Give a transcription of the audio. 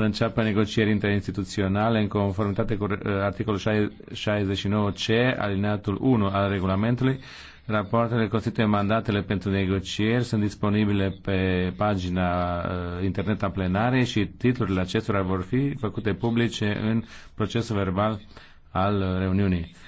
să înceapă negocieri interinstituționale în conformitate cu uh, articolul 69C, alineatul 1 al regulamentului. Rapoartele constituie mandatele pentru negocieri, sunt disponibile pe pagina uh, internet a plenarei și titlurile acestora vor fi făcute publice în procesul verbal al uh, reuniunii.